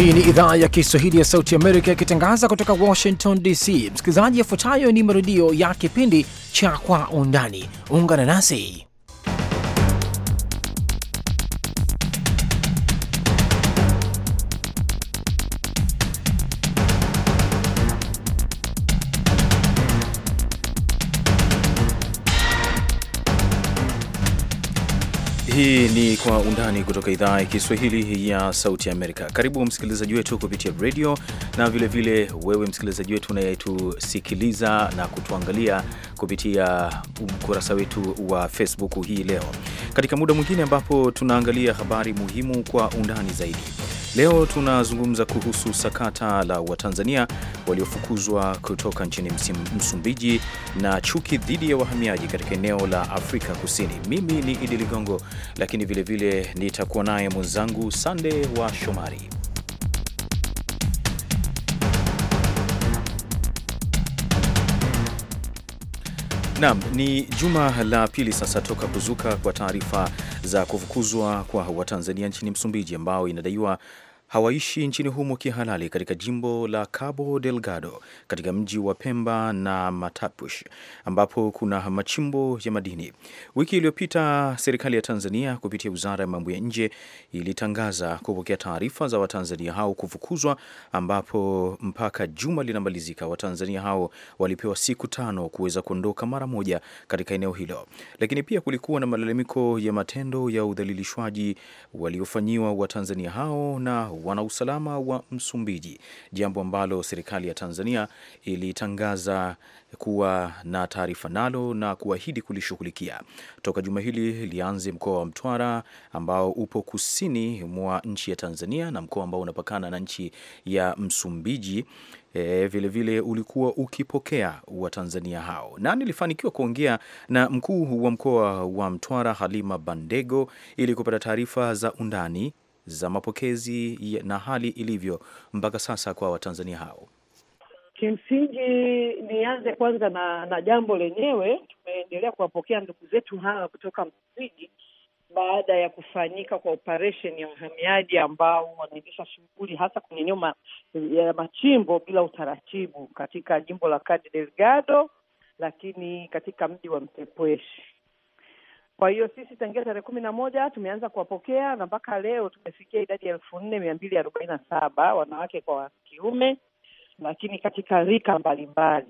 Hii ni idhaa ya Kiswahili ya Sauti Amerika ikitangaza kutoka Washington DC. Msikilizaji, yafuatayo ni marudio ya kipindi cha Kwa Undani. Ungana nasi Hii ni Kwa Undani kutoka idhaa ya Kiswahili ya Sauti ya Amerika. Karibu msikilizaji wetu kupitia redio na vilevile vile wewe msikilizaji wetu unayetusikiliza na kutuangalia kupitia ukurasa wetu wa Facebook hii leo, katika muda mwingine ambapo tunaangalia habari muhimu kwa undani zaidi. Leo tunazungumza kuhusu sakata la Watanzania waliofukuzwa kutoka nchini Msumbiji na chuki dhidi ya wahamiaji katika eneo la Afrika Kusini. Mimi ni Idi Ligongo, lakini vilevile nitakuwa naye mwenzangu Sande wa Shomari. Naam, ni juma la pili sasa toka kuzuka kwa taarifa za kufukuzwa kwa Watanzania nchini Msumbiji ambao inadaiwa hawaishi nchini humo kihalali katika jimbo la Cabo Delgado katika mji wa Pemba na Matapush ambapo kuna machimbo ya madini. Wiki iliyopita serikali ya Tanzania kupitia wizara ya mambo ya nje ilitangaza kupokea taarifa za Watanzania hao kufukuzwa, ambapo mpaka juma linamalizika Watanzania hao walipewa siku tano kuweza kuondoka mara moja katika eneo hilo, lakini pia kulikuwa na malalamiko ya matendo ya udhalilishwaji waliofanyiwa Watanzania hao na wanausalama wa Msumbiji, jambo ambalo serikali ya Tanzania ilitangaza kuwa na taarifa nalo na kuahidi kulishughulikia toka juma hili lianze. Mkoa wa Mtwara ambao upo kusini mwa nchi ya Tanzania na mkoa ambao unapakana na nchi ya Msumbiji vilevile vile ulikuwa ukipokea Watanzania hao, na nilifanikiwa kuongea na mkuu wa mkoa wa Mtwara Halima Bandego ili kupata taarifa za undani za mapokezi na hali ilivyo mpaka sasa kwa Watanzania hao? Kimsingi nianze kwanza na, na jambo lenyewe. Tumeendelea kuwapokea ndugu zetu hawa kutoka Msumbiji baada ya kufanyika kwa operesheni ya uhamiaji ambao wanaendesha shughuli hasa kwenye eneo ya machimbo bila utaratibu katika jimbo la Cabo Delgado, lakini katika mji wa Mtepweshi. Kwa hiyo sisi tangia tarehe kumi na moja tumeanza kuwapokea na mpaka leo tumefikia idadi ya elfu nne mia mbili arobaini na saba wanawake kwa wakiume, lakini katika rika mbalimbali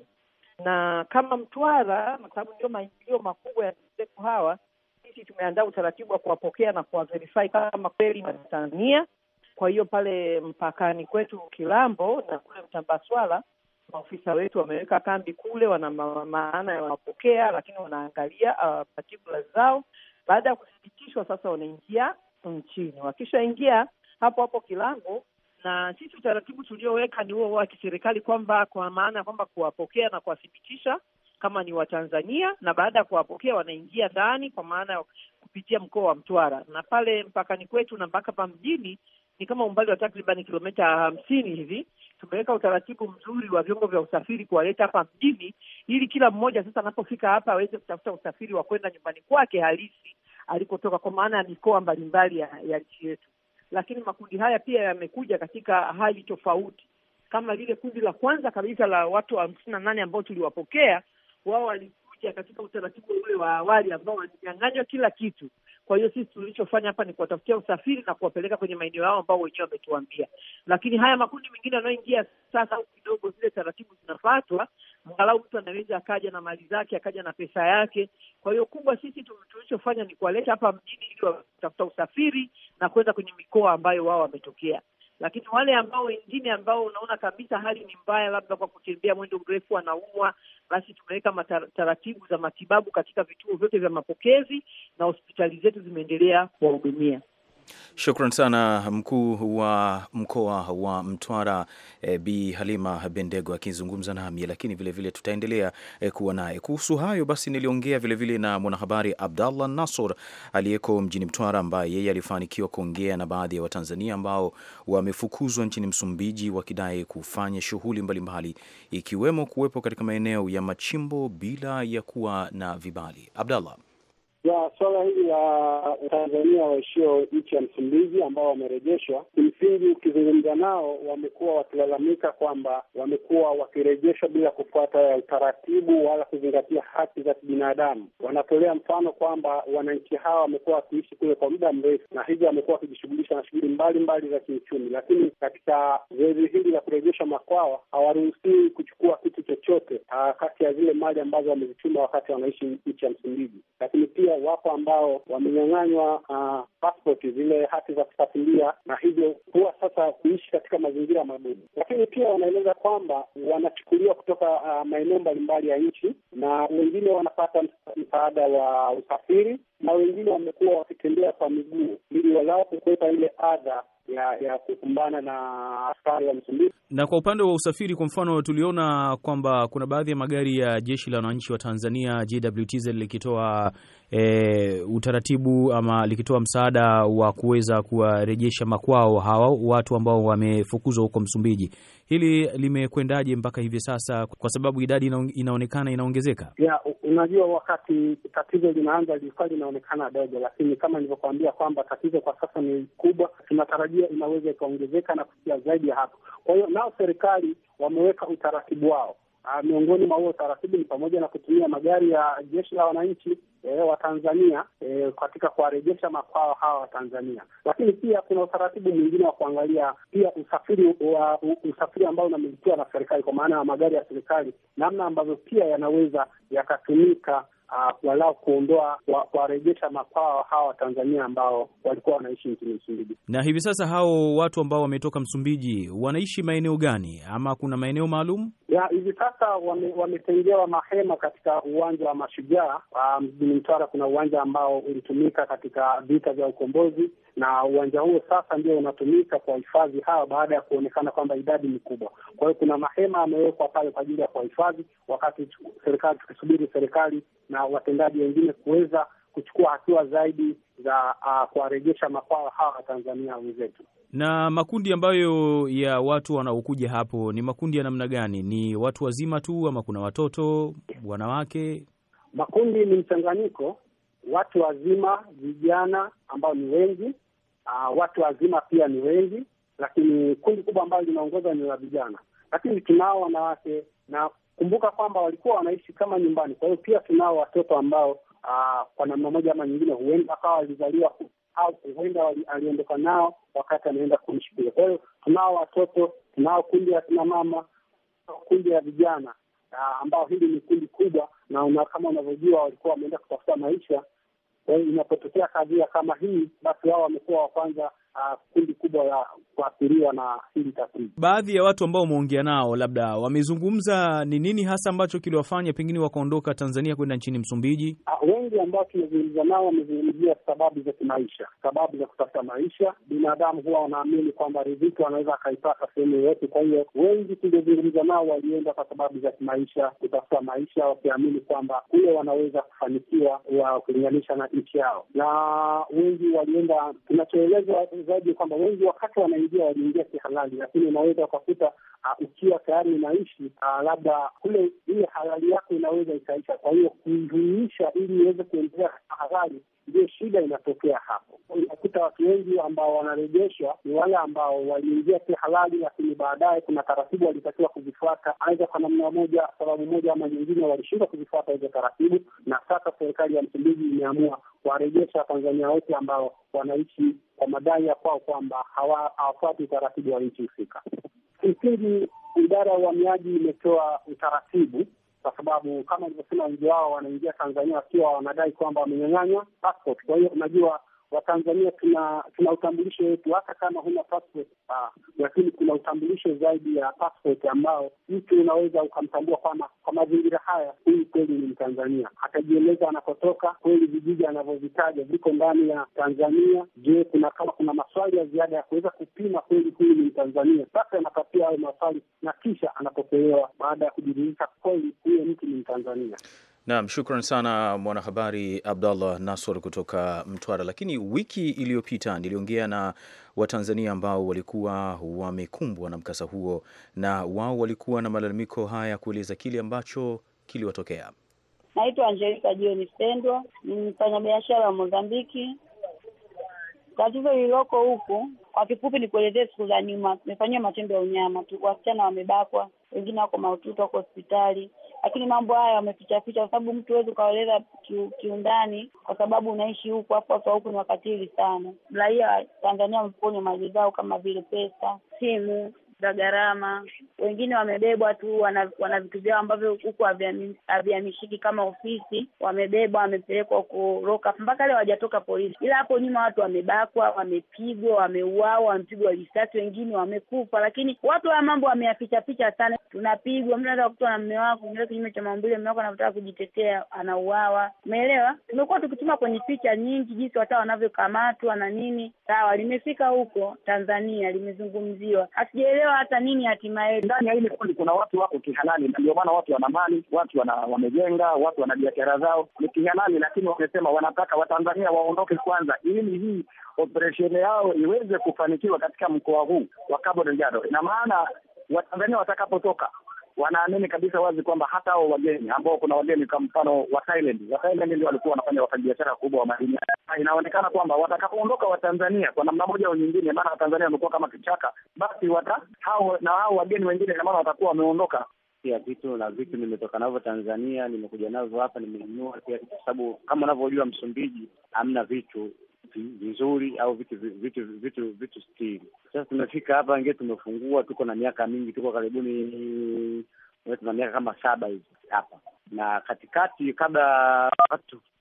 na kama Mtwara, kwa sababu ndio maingilio makubwa ya zetu hawa, sisi tumeandaa utaratibu wa kuwapokea na kuwaverify kama kweli Watanzania. Kwa hiyo pale mpakani kwetu Kilambo na kule Mtambaswala maofisa wetu wameweka kambi kule, wana maana ya wanapokea, lakini wanaangalia uh, zao. Baada ya kuthibitishwa, sasa wanaingia nchini. Wakishaingia hapo hapo kilango, na sisi utaratibu tulioweka ni huo wa kiserikali, kwamba kwa maana ya kwamba kuwapokea na kuwathibitisha kama ni Watanzania, na baada ya kuwapokea wanaingia ndani, kwa maana ya kupitia mkoa wa Mtwara na pale mpakani kwetu na mpaka pa mjini ni kama umbali wa takriban kilomita hamsini hivi tumeweka utaratibu mzuri wa vyombo vya usafiri kuwaleta hapa mjini, ili kila mmoja sasa anapofika hapa aweze kutafuta usafiri wa kwenda nyumbani kwake halisi alikotoka, kwa maana ya mikoa mbalimbali ya nchi yetu. Lakini makundi haya pia yamekuja katika hali tofauti, kama lile kundi la kwanza kabisa la watu hamsini na nane ambao tuliwapokea wao wali kupitia katika utaratibu ule wa awali ambao walinyang'anywa kila kitu. Kwa hiyo sisi tulichofanya hapa ni kuwatafutia usafiri na kuwapeleka kwenye maeneo yao ambao wenyewe wametuambia, lakini haya makundi mengine yanayoingia sasa, au kidogo zile taratibu zinafuatwa, angalau mtu anaweza akaja na mali zake, akaja na pesa yake. Kwa hiyo kubwa, sisi tulichofanya ni kuwaleta hapa mjini ili watafuta usafiri na kwenda kwenye mikoa ambayo wao wametokea. Lakini wale ambao wengine ambao unaona kabisa hali ni mbaya, labda kwa kutembea mwendo mrefu anaumwa, basi tumeweka taratibu za matibabu katika vituo vyote vya mapokezi na hospitali zetu zimeendelea kuwahudumia. Shukran sana mkuu wa mkoa wa Mtwara e, Bi Halima Bendego akizungumza nami, lakini vilevile tutaendelea e, kuwa naye kuhusu hayo. Basi niliongea vilevile na mwanahabari Abdallah Nasor aliyeko mjini Mtwara, ambaye yeye alifanikiwa kuongea na baadhi ya wa Watanzania ambao wamefukuzwa nchini Msumbiji wakidai kufanya shughuli mbalimbali ikiwemo kuwepo katika maeneo ya machimbo bila ya kuwa na vibali. Abdallah ya swala hili la tanzania waishio nchi ya Msumbiji ambao wamerejeshwa, kimsingi ukizungumza nao wamekuwa wakilalamika kwamba wamekuwa wakirejeshwa bila kufuata utaratibu wala kuzingatia haki za kibinadamu. Wanatolea mfano kwamba wananchi hawa wamekuwa wakiishi kule kwa muda mrefu, na hivyo wamekuwa wakijishughulisha na shughuli mbalimbali za kiuchumi, lakini katika zoezi hili la kurejeshwa makwao hawaruhusiwi kuchukua kitu chochote ah, kati ya zile mali ambazo wamezichuma wakati wanaishi nchi ya Msumbiji, lakini pia pia wapo ambao wamenyang'anywa uh, zile hati za kusafiria, na hivyo huwa sasa kuishi katika mazingira magumu. Lakini pia wanaeleza kwamba wanachukuliwa kutoka uh, maeneo mbalimbali ya nchi, na wengine wanapata msaada wa usafiri, na wengine wamekuwa wakitembea kwa miguu ili walao kukwepa ile adha ya ya kukumbana na askari wa Msumbiji. Na kwa upande wa usafiri, kwa mfano, tuliona kwamba kuna baadhi ya magari ya jeshi la wananchi wa Tanzania JWTZ likitoa e, utaratibu ama likitoa msaada wa kuweza kuwarejesha makwao hawa watu ambao wamefukuzwa huko Msumbiji. Hili limekwendaje mpaka hivi sasa, kwa sababu idadi inaonekana inaongezeka? Ya, unajua wakati tatizo linaanza lilikuwa linaonekana dogo, lakini kama nilivyokuambia kwamba tatizo kwa sasa ni kubwa, tunatarajia hiyo inaweza ikaongezeka na kufikia zaidi ya hapo. Kwa hiyo nao serikali wameweka utaratibu wao. Ah, miongoni mwa huo utaratibu ni pamoja na kutumia magari ya jeshi la wananchi e, wa Tanzania e, katika kuwarejesha makwao hawa wa Tanzania. Lakini pia kuna utaratibu mwingine wa kuangalia pia usafiri wa usafiri ambao unamilikiwa na serikali, kwa maana ya magari ya serikali, namna ambavyo pia yanaweza yakatumika Uh, walau kuondoa kuwarejesha makwao hawa Watanzania ambao walikuwa wanaishi nchini Msumbiji. Na hivi sasa hao watu ambao wametoka Msumbiji wanaishi maeneo gani, ama kuna maeneo maalum? Ya hivi sasa wametengewa mahema katika uwanja wa Mashujaa uh, Mtwara kuna uwanja ambao ulitumika katika vita vya ukombozi, na uwanja huo sasa ndio unatumika kwa hifadhi hawa, baada ya kuonekana kwamba idadi ni kubwa. Kwa hiyo kuna mahema yamewekwa pale kwa ajili ya kuwahifadhi, wakati serikali tukisubiri serikali na watendaji wengine kuweza kuchukua hatua zaidi za uh, kuwarejesha makwao hawa Watanzania wenzetu. Na makundi ambayo ya watu wanaokuja hapo ni makundi ya namna gani? Ni watu wazima tu ama kuna watoto, wanawake? Makundi ni mchanganyiko, watu wazima, vijana ambao ni wengi, uh, watu wazima pia ni wengi, lakini kundi kubwa ambalo linaongoza ni la vijana, lakini tunao wanawake na kumbuka kwamba walikuwa wanaishi kama nyumbani. Kwa hiyo pia tunao watoto ambao uh, kwa namna moja ama nyingine huenda akawa walizaliwa au huenda aliondoka nao wakati anaenda kuishi kule. Kwa hiyo tunao watoto, tunao kundi kina kinamama, kundi ya vijana uh, ambao hili ni kundi kubwa, na una, kama unavyojua walikuwa wameenda kutafuta maisha. Kwa hiyo inapotokea kadhia kama hii, basi wao wamekuwa wa kwanza, uh, kundi kubwa la kuathiriwa na hili tatizo. Baadhi ya watu ambao wameongea nao, labda wamezungumza ni nini hasa ambacho kiliwafanya pengine wakaondoka Tanzania kwenda nchini Msumbiji? Ah, wengi ambao tumezungumza nao wamezungumzia sababu za kimaisha, sababu za kutafuta maisha. Binadamu huwa wanaamini kwamba riziki wanaweza akaipata sehemu yoyote. Kwa hiyo wengi tuliozungumza nao walienda kwa sababu za kimaisha, kutafuta maisha, wakiamini kwamba kule wanaweza kufanikiwa kulinganisha na nchi yao, na wengi walienda, tunachoelezwa zaidi kwamba wengi wakati wanai kusaidia waliingia kihalali, lakini unaweza ukakuta uh, ukiwa tayari unaishi uh, labda kule ile halali yako inaweza ikaisha. Kwa hiyo kuihuisha ili iweze kuendelea halali ndio shida inatokea hapo. Unakuta watu wengi ambao wanarejeshwa ni wale ambao waliingia halali lakini baadaye kuna taratibu walitakiwa kuzifuata, aidha kwa namna moja, sababu moja ama nyingine, walishindwa kuzifuata hizo taratibu, na sasa serikali ya Msumbiji imeamua kuwarejesha Watanzania wote ambao wanaishi kwa madai ya kwao kwamba hawafuati utaratibu wa nchi husika. Kimsingi, idara ya uhamiaji imetoa utaratibu kwa sababu kama ilivyosema wengi wao wanaingia Tanzania wakiwa wanadai kwamba wamenyang'anywa passport. Kwa hiyo unajua Watanzania tuna tuna utambulisho wetu, hata kama huna passport ah, lakini kuna utambulisho zaidi ya passport ambao mtu unaweza ukamtambua kwamba kwa mazingira haya huyu kweli ni Mtanzania, atajieleza anakotoka, kweli vijiji anavyovitaja viko ndani ya Tanzania. Je, kuna kama kuna maswali ya ziada ya kuweza kupima kweli huyu ni Mtanzania, sasa anapatia hayo maswali na kisha anapokelewa baada ya kujiridhisha kweli huyo mtu ni Mtanzania. Naam, shukran sana mwanahabari Abdallah Nasor kutoka Mtwara. Lakini wiki iliyopita niliongea na Watanzania ambao walikuwa wamekumbwa na mkasa huo, na wao walikuwa na malalamiko haya, kueleza kile ambacho kiliwatokea. Naitwa Angelika Jioni Pendwa, ni mfanyabiashara wa Mozambiki. Tatizo lililoko huku kwa kifupi ni kuelezea, siku za nyuma tumefanyiwa matendo ya unyama tu, wasichana wamebakwa, wengine wako mahututi, wako hospitali lakini mambo haya wamefichaficha, kwa sababu mtu huwezi ukaeleza kiundani, kwa sababu unaishi huku, afu watu huku ni wakatili sana. Raia Tanzania wamepokonywa mali zao kama vile pesa, simu za gharama. Wengine wamebebwa tu, wana, wana vitu vyao ambavyo huku haviamishiki kama ofisi, wamebebwa wamepelekwa huko Roka, mpaka leo hawajatoka polisi. Ila hapo nyuma watu wamebakwa, wamepigwa, wameuawa, wamepigwa risasi, wengine wamekufa, lakini watu haya mambo wameyaficha sana. Tunapigwa, mtu anaweza kukutwa na mme wako, unaenda kinyume cha maumbile, mme wako anataka kujitetea, anauawa. Umeelewa? Tumekuwa tukituma kwenye picha nyingi jinsi wata wanavyokamatwa na nini. Sawa, limefika huko Tanzania, limezungumziwa, hatujaelewa kuelewa hata nini hatima yetu. Ndani ya hili kundi kuna watu wako kihalali, na ndio maana watu wana mali, watu wana wamejenga, watu wana biashara zao ni kihalali, lakini wamesema wanataka Watanzania waondoke kwanza, ili hii operesheni yao iweze kufanikiwa katika mkoa huu wa Cabo Delgado. Ina maana Watanzania watakapotoka wanaamini kabisa wazi kwamba hata hao wageni ambao kuna wageni kwa mfano wa Thailand, wa Thailand ndio walikuwa wanafanya wafanyabiashara kubwa wa madini. Inaonekana kwamba watakapoondoka Watanzania kwa namna moja au nyingine, maana Watanzania wamekuwa kama kichaka, basi wata hao na hao wageni wengine, ina maana watakuwa wameondoka pia vitu na vitu nimetoka navyo Tanzania, nimekuja navyo hapa, nimenunua pia, kwa sababu kama unavyojua Msumbiji hamna vitu vizuri au vitu vitu vitu vitu stili. Sasa tumefika hapa, ngie tumefungua, tuko na miaka mingi, tuko karibuni, eh, tuna miaka kama saba hivi hapa na katikati, kabla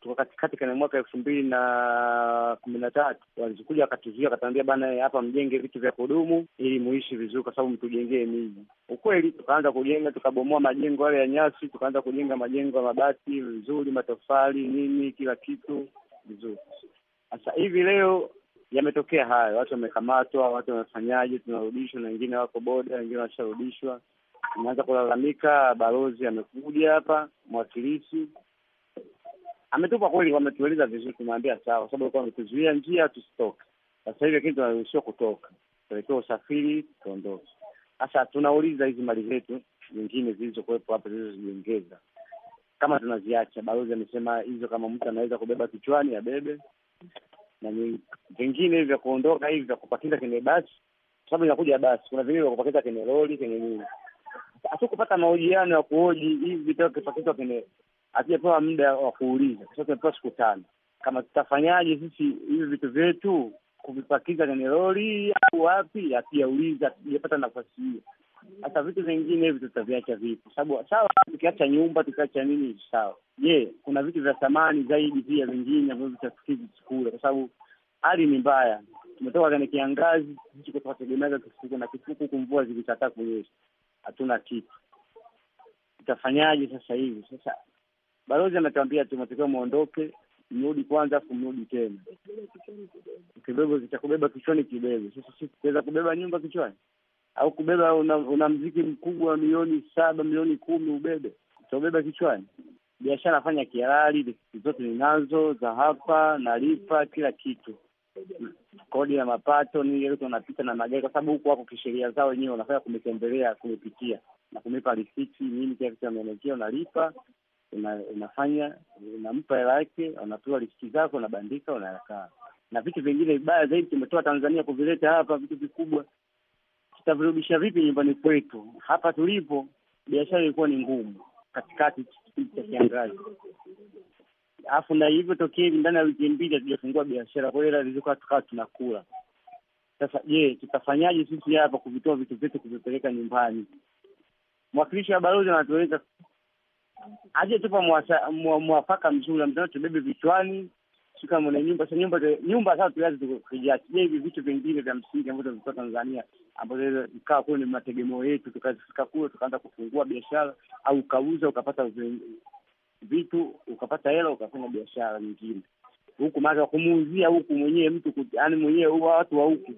tuko katikati kana mwaka elfu mbili na kumi na tatu walizokuja wakatuzuia, wakatuambia bana, eh, hapa mjenge vitu vya kudumu ili muishi vizuri, kwa sababu mtujengee miji. Ukweli tukaanza kujenga, tukabomoa majengo yale ya nyasi, tukaanza kujenga majengo ya mabati vizuri, matofali, nini, kila kitu vizuri. Sasa hivi leo yametokea hayo, watu wamekamatwa, watu wamefanyaje, tunarudishwa na wengine wako boda, wengine washarudishwa, imeanza kulalamika. Balozi amekuja hapa, mwakilishi ametupa kweli, wametueleza vizuri, tumeambia sawa, kwa sababu walikuwa njia tusitoke. Sasa hivi lakini tunaruhusiwa kutoka, tuelekea usafiri, tuondoke. Sasa tunauliza hizi mali zetu nyingine zilizokuwepo hapa zilizojiongeza, kama tunaziacha. Balozi amesema hizo, kama mtu anaweza kubeba kichwani abebe, na vingine vya kuondoka hivi vya kupakiza kwenye basi, kwa sababu inakuja basi, kuna vingine vya kupakiza kwenye lori, kwenye nini. Hatukupata mahojiano ya kuhoji hivi vitakuwa vikipakizwa kwenye, hatujapewa muda wa kuuliza. Sasa tumepewa siku tano, kama tutafanyaje sisi hivi vitu vyetu kuvipakiza kwenye lori au wapi? Hatujauliza, hatujapata nafasi hiyo hata vitu vingine hivi tutaviacha vipi? Sababu sawa, tukiacha nyumba tukiacha nini sawa. Je, kuna vitu vya thamani zaidi pia vingine ambavyo vitasikizi chukule, kwa sababu hali ni mbaya. Tumetoka kwenye kiangazi hichi, tukategemea kisuku na kifuku, huku mvua zikikataa kunyesha, hatuna kitu. itafanyaje sasa hivi? Sasa balozi anatuambia tumatakiwa mwondoke, mrudi kwanza, afu mrudi tena. Kibebo zitakubeba kichwani, kibebo. Sasa sisi tutaweza kubeba nyumba kichwani? au kubeba una, una mziki mkubwa milioni saba milioni kumi ubebe, utaubeba kichwani? Biashara nafanya kihalali, zote ninazo za hapa, nalipa kila kitu, kodi ya mapato napita na magari, kwa sababu huku wako kisheria zao wenyewe, unafanya kumetembelea, kumepitia na kumepa risiti nini, kila kitu ameelekea, unalipa una, unafanya unampa hela yake, unapewa risiti zako, unabandika, unakaa na vitu vingine vibaya zaidi tumetoa Tanzania kuvileta hapa, vitu vikubwa tutavirudisha vipi nyumbani kwetu? Hapa tulipo biashara ilikuwa ni ngumu katikati cha kiangazi, alafu na hivyo tokee ndani ya wiki mbili hatujafungua biashara, kwa hiyo hela zilizokuwa tukawa tunakula. Sasa je, tutafanyaje sisi hapa kuvitoa vitu vyetu kuvipeleka nyumbani? Mwakilishi wa balozi anatueleza aje tupa mwafaka mzuri ambao tubebe vichwani, si kama nyumba sa nyumba nyumba sasa tuliazi tukijiachia hivi vitu vingine vya msingi ambavyo vilikuwa Tanzania ambazo ikawa kuwa ni mategemeo yetu, tukazifika kule tukaanza kufungua biashara au ukauza ukapata vitu ukapata hela ukafanya biashara nyingine huku, maana kumuuzia huku mwenyewe mtu yani mwenyewe watu wa huku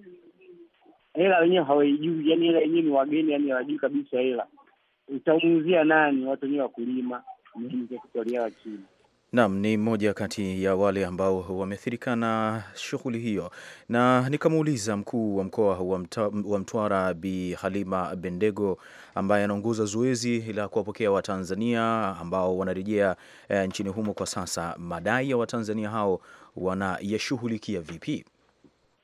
hela wenyewe hawaijui, yani hela yenyewe ni wageni, yani hawajui kabisa hela. Utamuuzia nani? Watu wenyewe wakulima, Victoria yaani wa chini Naam, ni mmoja kati ya wale ambao wameathirika na shughuli hiyo, na nikamuuliza mkuu wa mkoa wa Mtwara Bi Halima Bendego ambaye anaongoza zoezi la kuwapokea Watanzania ambao wanarejea e, nchini humo kwa sasa, madai ya Watanzania hao wanayashughulikia vipi?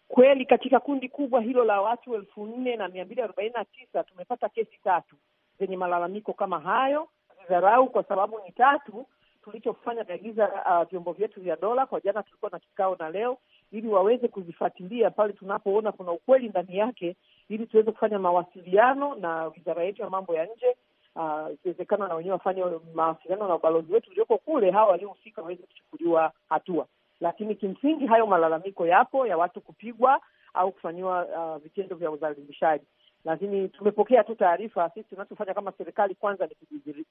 Kweli katika kundi kubwa hilo la watu elfu nne na mia mbili arobaini na tisa tumepata kesi tatu zenye malalamiko kama hayo, dharau kwa sababu ni tatu tulichofanya agiza uh, vyombo vyetu vya dola kwa jana, tulikuwa na kikao na leo, ili waweze kuzifuatilia pale tunapoona kuna ukweli ndani yake, ili tuweze kufanya mawasiliano na wizara yetu ya mambo ya nje uh, ikiwezekana, uh, na wenyewe wafanye mawasiliano na ubalozi wetu ulioko kule, hawa waliohusika waweze kuchukuliwa hatua. Lakini kimsingi hayo malalamiko yapo ya watu kupigwa au kufanyiwa uh, vitendo vya udhalilishaji lakini tumepokea tu taarifa. Sisi tunachofanya kama serikali kwanza ni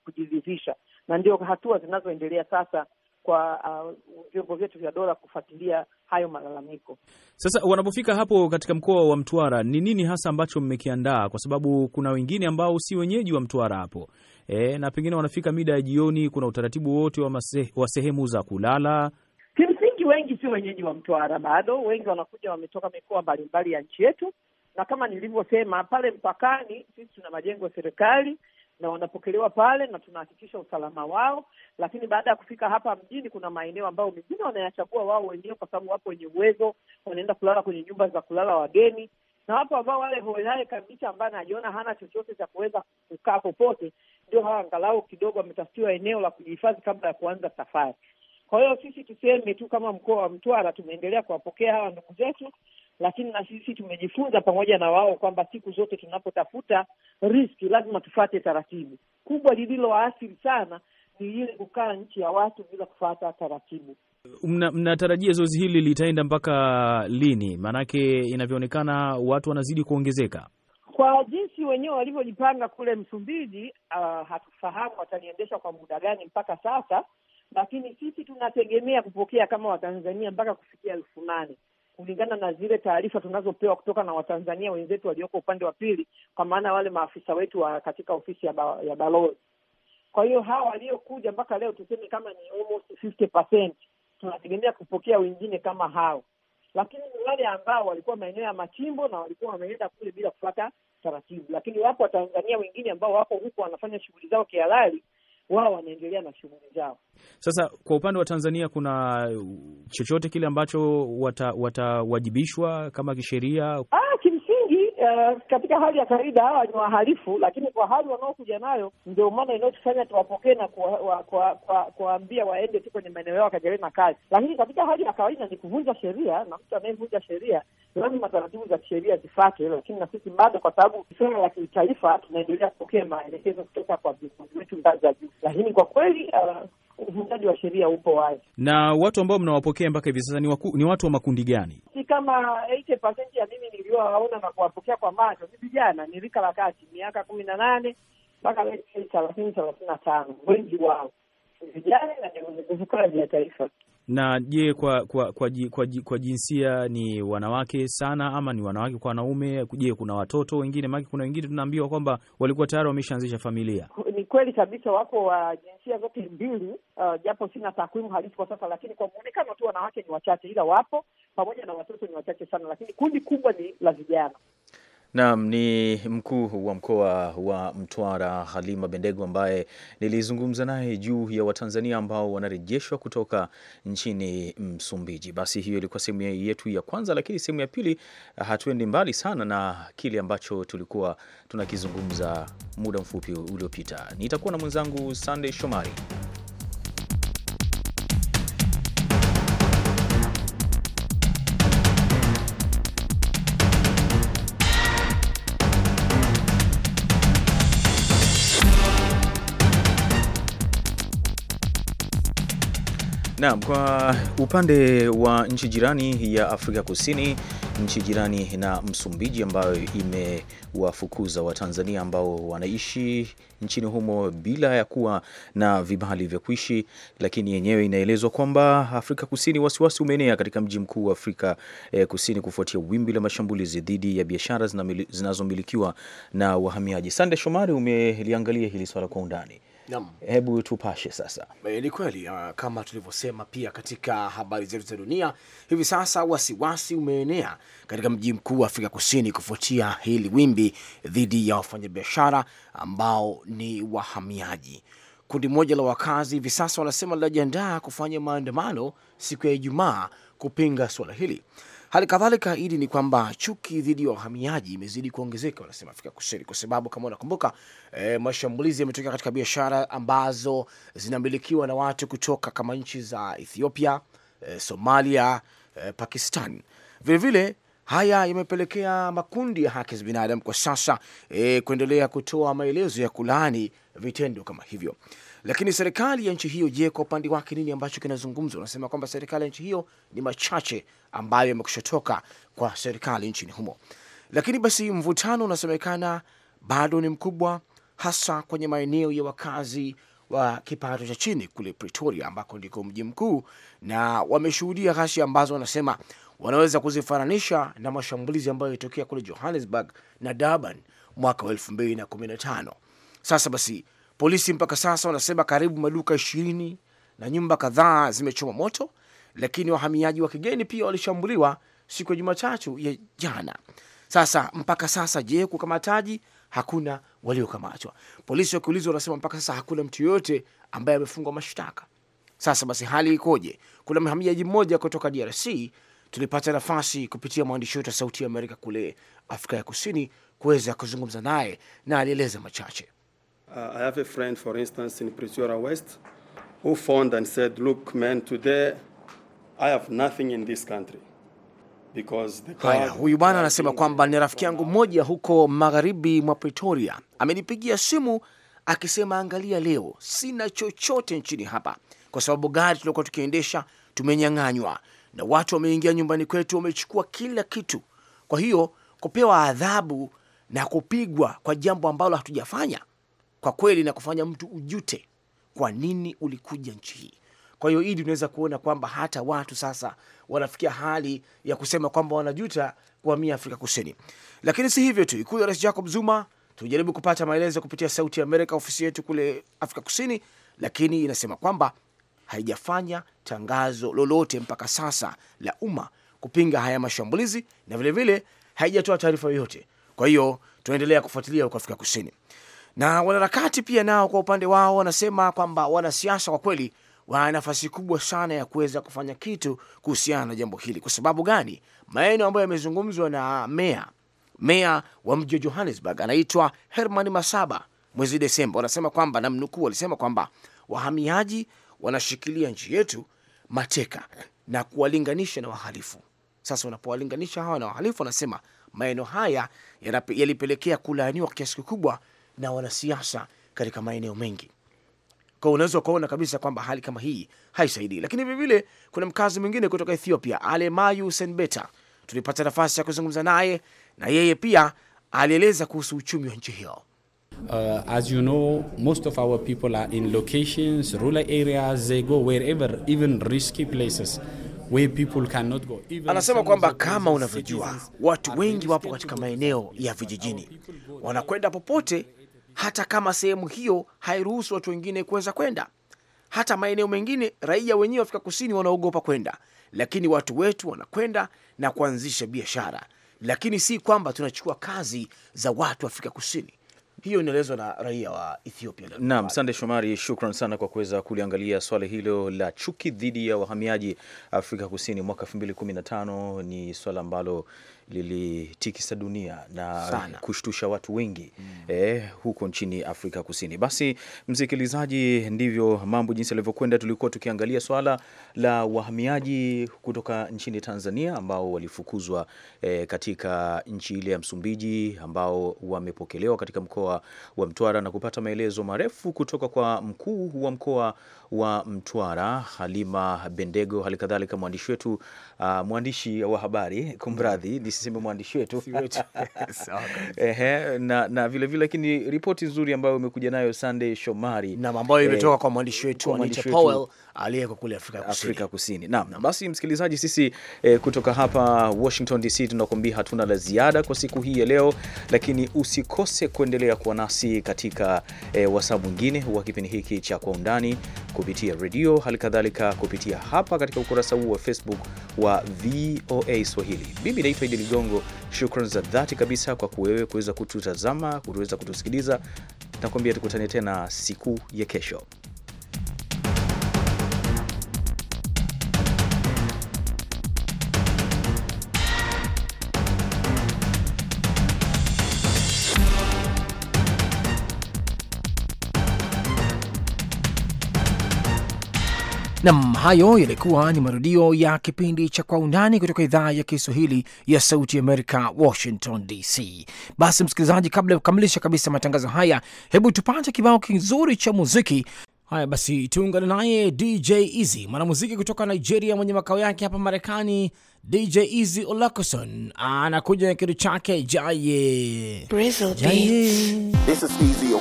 kujiridhisha, na ndio hatua zinazoendelea sasa kwa uh, vyombo uh, vyetu vya dola kufuatilia hayo malalamiko. Sasa wanapofika hapo katika mkoa wa Mtwara, ni nini hasa ambacho mmekiandaa? Kwa sababu kuna wengine ambao si wenyeji wa Mtwara hapo e, na pengine wanafika mida ya jioni. Kuna utaratibu wote wa, wa sehemu za kulala? Kimsingi wengi si wenyeji wa Mtwara bado, wengi wanakuja wametoka mikoa mbalimbali ya nchi yetu na kama nilivyosema pale mpakani, sisi tuna majengo ya serikali na wanapokelewa pale na tunahakikisha usalama wao. Lakini baada ya kufika hapa mjini, kuna maeneo ambayo mengine wanayachagua wao wenyewe, kwa sababu wapo wenye uwezo, wanaenda kulala kwenye nyumba za kulala wageni, na wapo ambao wale hohehahe kabisa, ambaye anajiona hana chochote cha kuweza kukaa popote, ndio hawa angalau kidogo wametafutiwa eneo la kujihifadhi kabla ya kuanza safari. Kwa hiyo sisi tuseme tu kama mkoa wa Mtwara tumeendelea kuwapokea hawa ndugu zetu, lakini na sisi tumejifunza pamoja na wao kwamba siku zote tunapotafuta riski lazima tufate taratibu. Kubwa lililoathiri sana ni ile kukaa nchi ya watu bila kufata taratibu. Mnatarajia mna zoezi hili litaenda mpaka lini? Maanake inavyoonekana watu wanazidi kuongezeka. Kwa jinsi wenyewe walivyojipanga kule Msumbiji, uh, hatufahamu wataliendesha kwa muda gani mpaka sasa, lakini sisi tunategemea kupokea kama Watanzania mpaka kufikia elfu nane kulingana na zile taarifa tunazopewa kutoka na Watanzania wenzetu walioko upande wa pili, kwa maana wale maafisa wetu wa katika ofisi ya, ba, ya balozi. Kwa hiyo hawa waliokuja mpaka leo tuseme kama ni almost 50% tunategemea kupokea wengine kama hao, lakini ni wale ambao walikuwa maeneo ya machimbo na walikuwa wameenda kule bila kufuata taratibu. Lakini wapo Watanzania wengine ambao wako huko wanafanya shughuli zao kihalali, wao wanaendelea na shughuli zao. Sasa kwa upande wa Tanzania, kuna chochote kile ambacho watawajibishwa wata kama kisheria? ah, Eh, katika hali ya kawaida hawa ni wahalifu, lakini kwa hali wanaokuja nayo ndio maana inayotufanya tuwapokee na kuwaambia waende tu kwenye maeneo yao wakaendelee na kazi. Lakini katika hali ya kawaida ni kuvunja sheria, na mtu anayevunja sheria lazima taratibu za kisheria zifate Lakini na sisi bado, kwa sababu sera ya kitaifa, tunaendelea kupokea maelekezo kutoka kwa viongozi wetu ngazi za juu, lakini kwa kweli uh, uvunjaji wa sheria upo wazi. Na watu ambao mnawapokea mpaka hivi sasa ni, ni watu wa makundi gani? Si kama 80% ya mimi niliowaona na kuwapokea kwa macho ni vijana, ni rika la kati, miaka kumi na nane mpaka thelathini thelathini na tano wengi wao vijana na vivuko ya taifa. Na je, kwa kwa kwa, kwa kwa jinsia ni wanawake sana ama ni wanawake kwa wanaume? Je, kuna watoto wengine? Maana kuna wengine tunaambiwa kwamba walikuwa tayari wameshaanzisha familia. Ni kweli kabisa, wako wa jinsia zote mbili, uh, japo sina takwimu halisi kwa sasa, lakini kwa mwonekano tu wanawake ni wachache, ila wapo, pamoja na watoto ni wachache sana, lakini kundi kubwa ni la vijana. Naam, ni mkuu wa mkoa wa Mtwara Halima bendego ambaye nilizungumza naye juu ya Watanzania ambao wanarejeshwa kutoka nchini Msumbiji. Basi hiyo ilikuwa sehemu yetu ya kwanza, lakini sehemu ya pili hatuendi mbali sana na kile ambacho tulikuwa tunakizungumza muda mfupi uliopita. Nitakuwa na mwenzangu Sunday Shomari. Naam, kwa upande wa nchi jirani ya Afrika Kusini, nchi jirani na Msumbiji ambayo imewafukuza Watanzania ambao wanaishi nchini humo bila ya kuwa na vibali vya kuishi, lakini yenyewe inaelezwa kwamba Afrika Kusini wasiwasi umeenea katika mji mkuu wa Afrika eh, Kusini kufuatia wimbi la mashambulizi dhidi ya biashara zinazomilikiwa na wahamiaji. Sande Shomari, umeliangalia hili swala kwa undani. Naam. Hebu tupashe sasa. Eh, ni kweli ah, kama tulivyosema pia katika habari zetu za dunia, hivi sasa wasiwasi umeenea katika mji mkuu wa Afrika Kusini kufuatia hili wimbi dhidi ya wafanyabiashara ambao ni wahamiaji. Kundi moja la wakazi hivi sasa wanasema linajiandaa kufanya maandamano siku ya Ijumaa kupinga suala hili. Hali kadhalika hili ni kwamba chuki dhidi ya wahamiaji imezidi kuongezeka, wanasema Afrika Kusini, kwa sababu kama unakumbuka e, mashambulizi yametokea katika biashara ambazo zinamilikiwa na watu kutoka kama nchi za Ethiopia, e, Somalia, e, Pakistan. Vilevile vile, haya yamepelekea makundi ya haki za binadamu kwa sasa e, kuendelea kutoa maelezo ya kulaani vitendo kama hivyo. Lakini serikali ya nchi hiyo, je, kwa upande wake nini ambacho kinazungumzwa? Unasema kwamba serikali ya nchi hiyo ni machache ambayo yamekusha toka kwa serikali nchini humo, lakini basi mvutano unasemekana bado ni mkubwa, hasa kwenye maeneo ya wakazi wa kipato cha chini kule Pretoria, ambako ndiko mji mkuu, na wameshuhudia ghasia ambazo wanasema wanaweza kuzifananisha na mashambulizi ambayo yalitokea kule Johannesburg na Durban mwaka wa elfu mbili na kumi na tano. Sasa basi Polisi mpaka sasa wanasema karibu maduka ishirini na nyumba kadhaa zimechoma moto, lakini wahamiaji wa kigeni pia walishambuliwa siku ya Jumatatu ya jana. Sasa mpaka sasa, je, kukamataji? Hakuna waliokamatwa. Polisi wakiulizwa wanasema mpaka sasa hakuna mtu yoyote ambaye amefungwa mashtaka. Sasa basi, hali ikoje? Kuna mhamiaji mmoja kutoka DRC tulipata nafasi kupitia mwandishi wetu wa Sauti ya Amerika kule Afrika ya Kusini kuweza kuzungumza naye na alieleza machache. Uh, I have a friend, for instance, in Pretoria West, who phoned and said, Look, man, today I have nothing in this country. Haya, huyu bwana anasema kwamba ni rafiki yangu mmoja huko magharibi mwa Pretoria amenipigia simu akisema, angalia, leo sina chochote nchini hapa, kwa sababu gari tuliokuwa tukiendesha tumenyang'anywa na watu wameingia nyumbani kwetu, wamechukua kila kitu. Kwa hiyo kupewa adhabu na kupigwa kwa jambo ambalo hatujafanya kwa kweli na kufanya mtu ujute kwa nini ulikuja nchi hii. Kwa hiyo Idi, unaweza kuona kwamba hata watu sasa wanafikia hali ya kusema kwamba wanajuta kuhamia Afrika Kusini. Lakini si hivyo tu, ikulu ya Rais Jacob Zuma tujaribu kupata maelezo kupitia Sauti ya Amerika, ofisi yetu kule Afrika Kusini, lakini inasema kwamba haijafanya tangazo lolote mpaka sasa la umma kupinga haya mashambulizi na vilevile haijatoa taarifa yoyote. Kwa hiyo tunaendelea kufuatilia huko Afrika Kusini. Na wanaharakati pia nao kwa upande wao wanasema kwamba wanasiasa kwa kweli wana nafasi kubwa sana ya kuweza kufanya kitu kuhusiana na jambo hili. Kwa sababu gani? Maeneo ambayo yamezungumzwa na meya meya wa mji wa Johannesburg anaitwa Herman Masaba mwezi Desemba, wanasema kwamba namnukuu, walisema kwamba wahamiaji wanashikilia nchi yetu mateka na kuwalinganisha na wahalifu. Sasa unapowalinganisha hawa na wahalifu, wanasema maeneo haya yalipelekea kulaaniwa kiasi kikubwa na wanasiasa katika maeneo mengi. Kwa unaweza ukaona kabisa kwamba hali kama hii haisaidii, lakini vilevile kuna mkazi mwingine kutoka Ethiopia, Alemayu Senbeta, tulipata nafasi ya kuzungumza naye na yeye pia alieleza kuhusu uchumi wa nchi hiyo. Uh, as you know, most of our people are in locations, rural areas, they go wherever, even risky places where people cannot go. Even anasema kwamba kama unavyojua watu wengi wapo katika maeneo ya vijijini, wanakwenda popote hata kama sehemu hiyo hairuhusu watu wengine kuweza kwenda. Hata maeneo mengine raia wenyewe wa Afrika Kusini wanaogopa kwenda, lakini watu wetu wanakwenda na kuanzisha biashara, lakini si kwamba tunachukua kazi za watu wa Afrika Kusini. Hiyo inaelezwa na raia wa Ethiopia. Naam, Sande Shomari, shukran sana kwa kuweza kuliangalia swala hilo la chuki dhidi ya wahamiaji Afrika Kusini mwaka 2015. Ni swala ambalo lilitikisa dunia na Sana. kushtusha watu wengi mm. eh, huko nchini Afrika Kusini. Basi msikilizaji, ndivyo mambo jinsi yalivyokwenda. Tulikuwa tukiangalia swala la wahamiaji kutoka nchini Tanzania ambao walifukuzwa eh, katika nchi ile ya Msumbiji ambao wamepokelewa katika mkoa wa Mtwara na kupata maelezo marefu kutoka kwa mkuu wa mkoa wa Mtwara, Halima Bendego, halikadhalika mwandishi wetu uh, mwandishi wa habari kumradhi, nisiseme mm. mwandishi wetu ehe, na, na vilevile, lakini ripoti nzuri ambayo umekuja nayo Sunday Shomari na ambayo eh, imetoka eh, kwa mwandishi wetu Anita Powell aliyeko kule Afrika Kusini, Afrika Kusini. Naam, basi msikilizaji, sisi eh, kutoka hapa Washington DC tunakuambia hatuna la ziada kwa siku hii ya leo, lakini usikose kuendelea kuwa nasi katika eh, wasaa mwingine wa kipindi hiki cha kwa undani kupitia redio, hali kadhalika kupitia hapa katika ukurasa huu wa Facebook wa VOA Swahili. Mimi naitwa Idi Ligongo, shukrani za dhati kabisa kwa kuwewe kuweza kututazama, kuweza kutusikiliza. Nakwambia tukutane tena siku ya kesho. Nam, hayo yalikuwa ni marudio ya kipindi cha Kwa Undani kutoka idhaa ya Kiswahili ya Sauti Amerika, Washington DC. Basi msikilizaji, kabla ya kukamilisha kabisa matangazo haya, hebu tupate kibao kizuri cha muziki. Haya basi, tuungane naye DJ Easy, mwanamuziki kutoka Nigeria mwenye makao yake hapa Marekani. DJ Easy Olakoson anakuja na kitu chake Jaye. This is Easy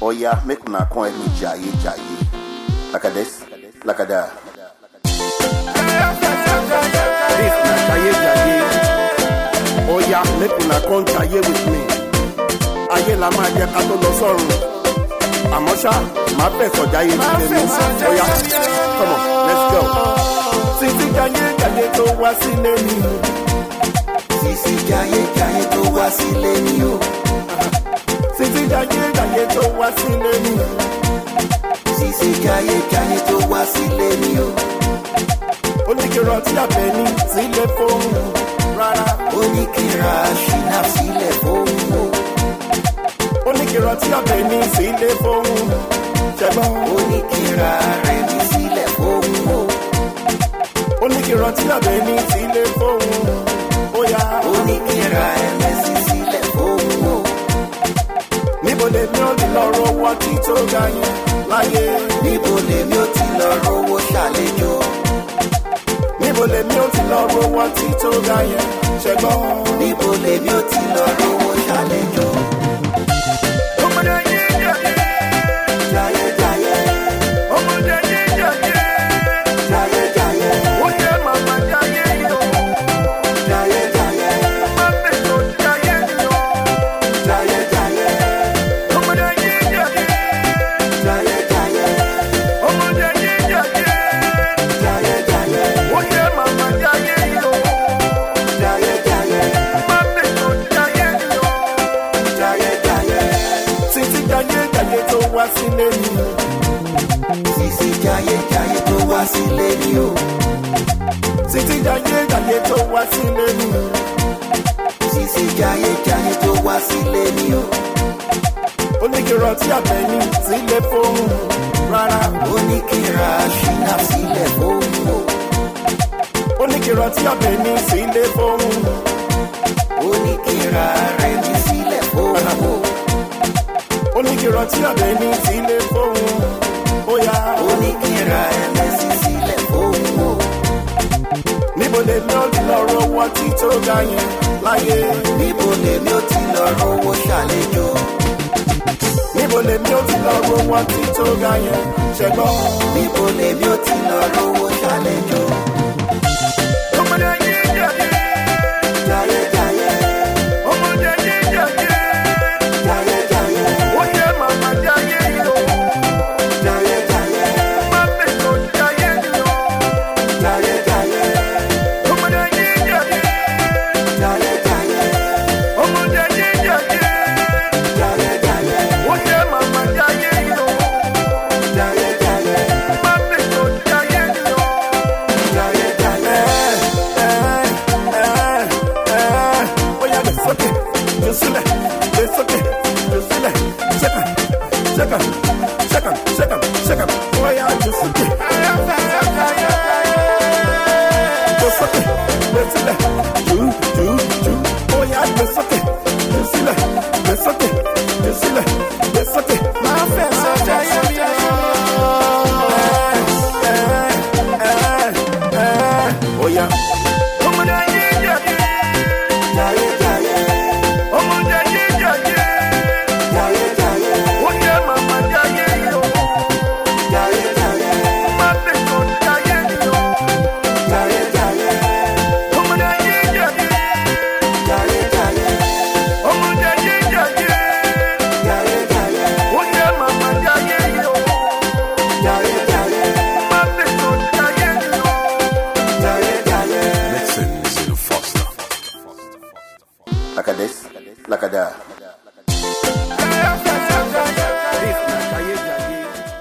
Oya, oh make una kwa jaye jaye like a this, like that. This na Kaye Jaye. Oya, make una come Kaye with me. Ayé la máa jẹ ká tó lọ sọ́run. Àmọ́ ṣá, máa bẹ̀ sọ̀já yé ní ilé Oya, come on, let's go. Sisi Jaye Jaye tó wá sílé mi. Sisi Jaye Jaye tó wá sílé mi o. Sisi Jaye Jaye tó wá sílé mi kí ayé kí ayé tó wá sílé mi o. ó ní kí rántí àbẹ ní sílé fóònù rárá. ó ní kí ra ṣìnà sílẹ̀ fóònù o. ó ní kí rántí ní sílé fóònù ṣẹgbọ́n. ó rẹ̀ ní sílẹ̀ fóònù o. ó ní kí rántí ní sílé fóònù ó yá. ó ẹ̀mẹ́sì. lèmi ò ti lọ rówó ọtí tó ga yín láyé. níbo lèmi ò ti lọ rówó ṣàlejò. níbo lèmi ò ti lọ rówó ọtí tó ga níbo lèmi ò ti lọ rówó ṣàlejò. wá sílé ni o. Sisi jayéjayé tó wá sílé ni o. Ó ní kí rántí àtẹ̀yìn sílé fóun rárá. Ó ní kí ra ṣínà sílẹ̀ fóun o. Ó ní àtẹ̀yìn sílé fóun. Ó ní kí ra rẹ̀jì sílẹ̀ àtẹ̀yìn sílé fóun. Ó yá. Ó ní lèmi ò ti lọ ro tí tó ga yẹn láyé. níbo lèmi ò ti lọ rówó ṣàlejò. níbo lèmi ò ti lọ rówó tí tó ga yẹn ṣẹgbọ́n. níbo lèmi ò ti lọ rówó ṣàlejò.